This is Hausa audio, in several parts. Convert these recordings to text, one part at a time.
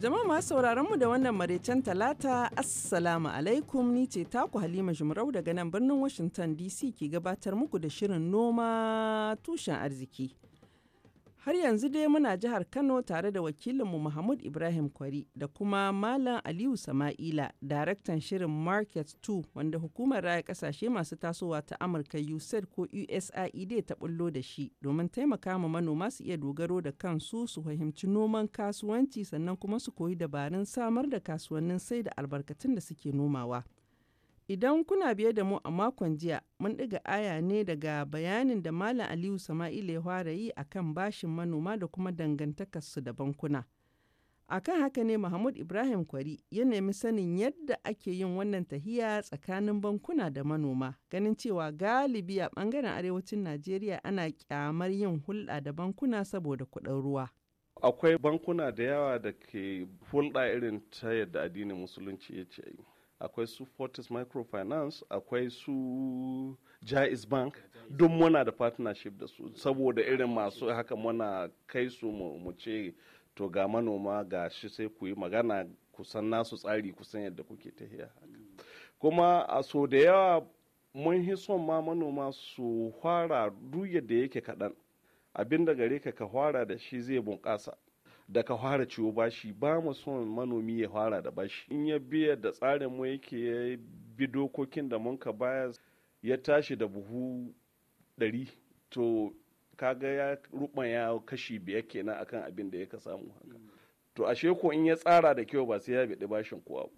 Jama'a masu sauraron mu da wannan maraicen talata Assalamu alaikum ni ce taku Halima jimarau daga nan birnin Washington DC ke gabatar muku da shirin noma tushen arziki. Har yanzu dai muna jihar Kano tare da wakilinmu Mahmud Ibrahim Kwari da kuma Malam Aliyu Sama'ila, daraktan shirin Market 2 wanda hukumar raya kasashe masu tasowa ta Amurka USAID ko USAID ta bullo da shi domin taimaka ma manoma su iya dogaro da kansu su fahimci noman kasuwanci sannan kuma su koyi dabarun samar da kasuwannin sai da albarkatun da suke nomawa. Idan kuna biye da mu a makon jiya, mun ɗiga aya ne daga bayanin da Malam Aliyu sama'il ya fara yi a kan bashin manoma da kuma dangantakarsu da bankuna. Akan haka ne Mahmud Ibrahim Kwari ya nemi sanin yadda ake yin wannan tahiya tsakanin bankuna da manoma, ganin cewa galibi a bangaren arewacin Najeriya ana kyamar yin hulɗa da bankuna saboda kuɗin ruwa. Akwai bankuna da yawa da ke hulɗa irin ta yadda addinin Musulunci ya ce. akwai su fortis microfinance akwai su jais bank duk muna da partnership da su saboda irin masu haka muna kai su mu ce to ga manoma ga shi sai ku yi magana kusan nasu tsari kusan yadda kuke ta haka kuma a so da yawa mun hi son ma manoma su fara duk yadda yake kaɗan abin da gare ka ka fara da shi zai bunƙasa da ka fara ciwo bashi ba mu son manomi ya fara da bashi in ya biya da tsarin mu yake ya bi dokokin da mun ka baya ya tashi da buhu ɗari to kaga ya ya kashi biyar kenan akan abin da ya samu haka mm. to ashe ko in ya tsara da kyau ba sai ya biɗi bashin kuwa.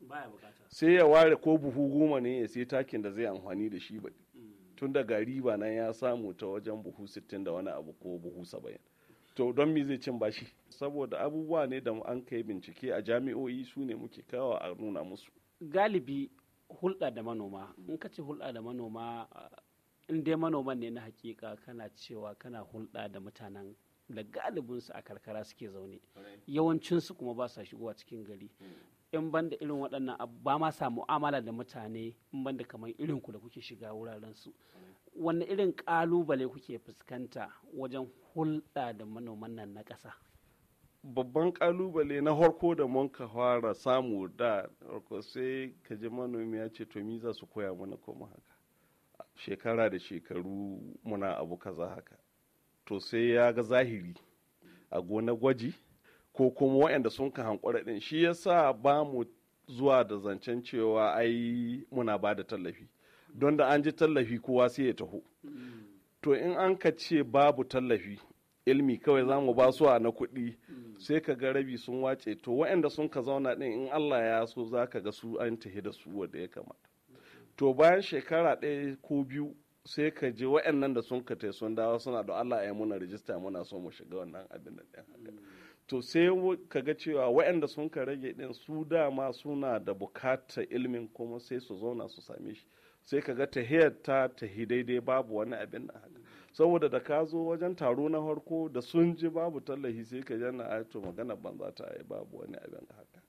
sai ya ware ko buhu goma ne ya sai takin da zai amfani da shi ba mm. tun da gari ba nan ya samu ta wajen buhu sittin da wani abu ko buhu saba'in to don me zai cin bashi saboda abubuwa ne da an kai bincike a jami'o'i su ne muke kawo a nuna musu galibi hulɗa da manoma in ka ce hulɗa da manoma in dai manoman ne na hakika kana cewa kana hulɗa da mutanen da galibinsu a karkara suke zaune yawancinsu kuma ba sa shigowa cikin gari hmm. in banda irin waɗannan ba ma sa mu'amala da mutane in banda kamar irinku da kuke shiga wuraren su wani irin kalubale kuke fuskanta wajen hulɗa da manoman nan na ƙasa babban kalubale na harko da mun ka fara samu da sai ka ji manomi ya ce to mi za su koya mana kuma haka shekara da shekaru muna abu kaza haka to sai ya ga zahiri a gona gwaji ko kuma waɗanda sun ka hankura ɗin shi yasa ba mu zuwa da zancen cewa ai muna ba da tallafi don da an ji tallafi kowa sai ya taho to in an ka ce babu tallafi ilmi kawai za mu basu a na kuɗi sai ka ga rabi sun wace to waɗanda sun ka zauna ɗin in Allah ya so za ka ga su an tahi da su wanda ya kamata to bayan shekara ɗaya ko biyu sai ka je waɗannan da sun ka tai sun dawo suna da Allah ya muna rijista muna so mu shiga wannan abin da ɗin haka to sai ka ga cewa waɗanda sun ka rage ɗin su dama suna da bukatar ilmin kuma sai su zauna su same shi sai ka ga tahiyar ta tahi daidai babu wani abin na haka saboda da ka zo wajen taro na harko da sun ji babu tallahi sai ka jana a to magana banza ta yi babu wani abin haka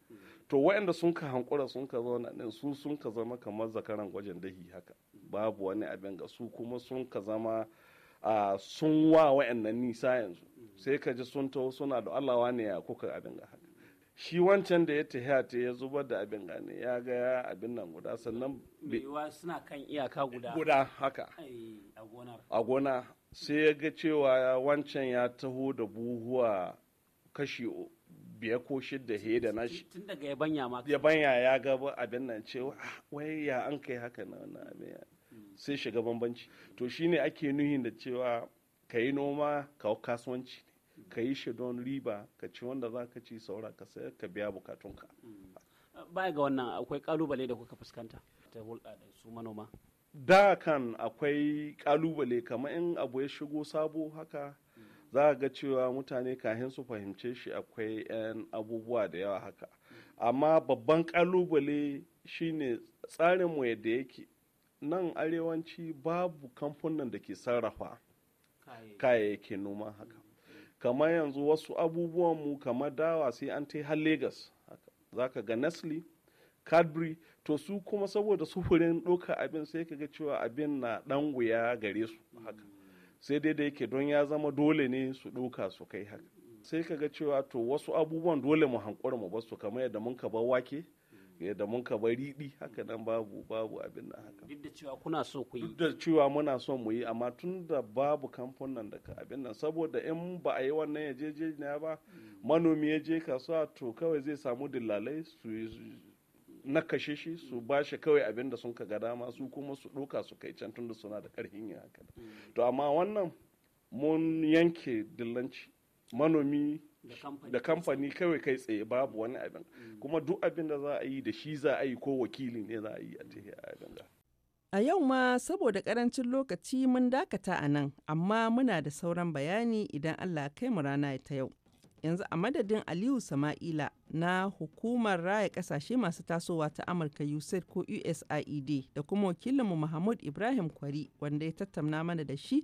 to wayanda sun ka hankura sun ka zauna ɗin su sun ka zama kamar zakaran gwajin dahi haka babu wani abin ga su kuma sun ka zama sun wa waɗannan nisa yanzu sai ka ji sun taho suna da allawa ne ya kuka abin ga haka shi wancan da ya tahiya ta ya zubar da abin gane ya ga abin nan guda sannan baiwa suna kan iyaka guda guda haka a gona sai ya ga cewa wancan ya taho da buhuwa kashi biyar ko shidda he da nashi tun daga yabanya ma yabanya ya ga abin nan cewa ah, wai ya an kai haka na wani hmm. sai shiga bambanci to shine ake nuhin da cewa ka yi noma ka kasuwanci ne ka yi shi don riba ka ci wanda za ka ci saura ka sayar ka biya bukatunka mm. baya ga wannan akwai kalubale da kuka fuskanta ta hulɗa da su manoma da kan akwai kalubale kamar in abu ya shigo sabo haka za ga cewa mutane kahin su fahimce shi akwai 'yan abubuwa da yawa haka amma babban kalubale shine tsarinmu yadda yake nan arewanci babu kamfunan da ke sarrafa kayayyakin noma haka kamar yanzu wasu abubuwan mu kamar dawa sai an ta har Legas za ka ga Nestle Cadbury to su kuma saboda sufurin doka abin sai ka ga cewa abin na ɗan wuya gare su haka sai dai da yake don ya zama dole ne su ɗauka su kai haka sai ka ga cewa to wasu abubuwan dole mu hankura mu basu kamar yadda mun ka bar wake Eh, da mun ka bari di haka nan babu babu abin da haka duk da cewa kuna so ku yi duk da cewa muna son mu yi amma tun da babu kamfanin da ka abin nan saboda in ba a yi wannan yajejeniya ba mm. manomi ya je kasuwa to kawai zai samu dillalai su na kashe shi su ba shi kawai abin da sun ka ga dama su kuma su doka su kai can tun da suna da ƙarfin yin haka mm. to amma wannan mun yanke dillanci manomi da kamfani kawai kai tsaye babu wani abin mm. kuma duk abin da za a yi da shi za a yi ko wakili ne za a yi a abin da a yau ma saboda karancin lokaci mun dakata a nan amma muna da sauran bayani idan allah kai mu rana ta yau yanzu a madadin aliyu sama'ila na hukumar raya kasashe masu tasowa ta amurka usaid ko usaid da kuma wakilinmu mahmud ibrahim kwari wanda ya tattauna mana da shi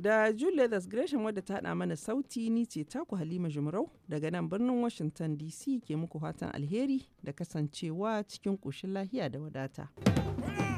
da Julie Gresham wadda ta haɗa mana sauti ni ce taku Halima Jumrau daga nan birnin Washington DC ke muku fatan alheri da kasancewa cikin ƙoshin lahiya da wadata.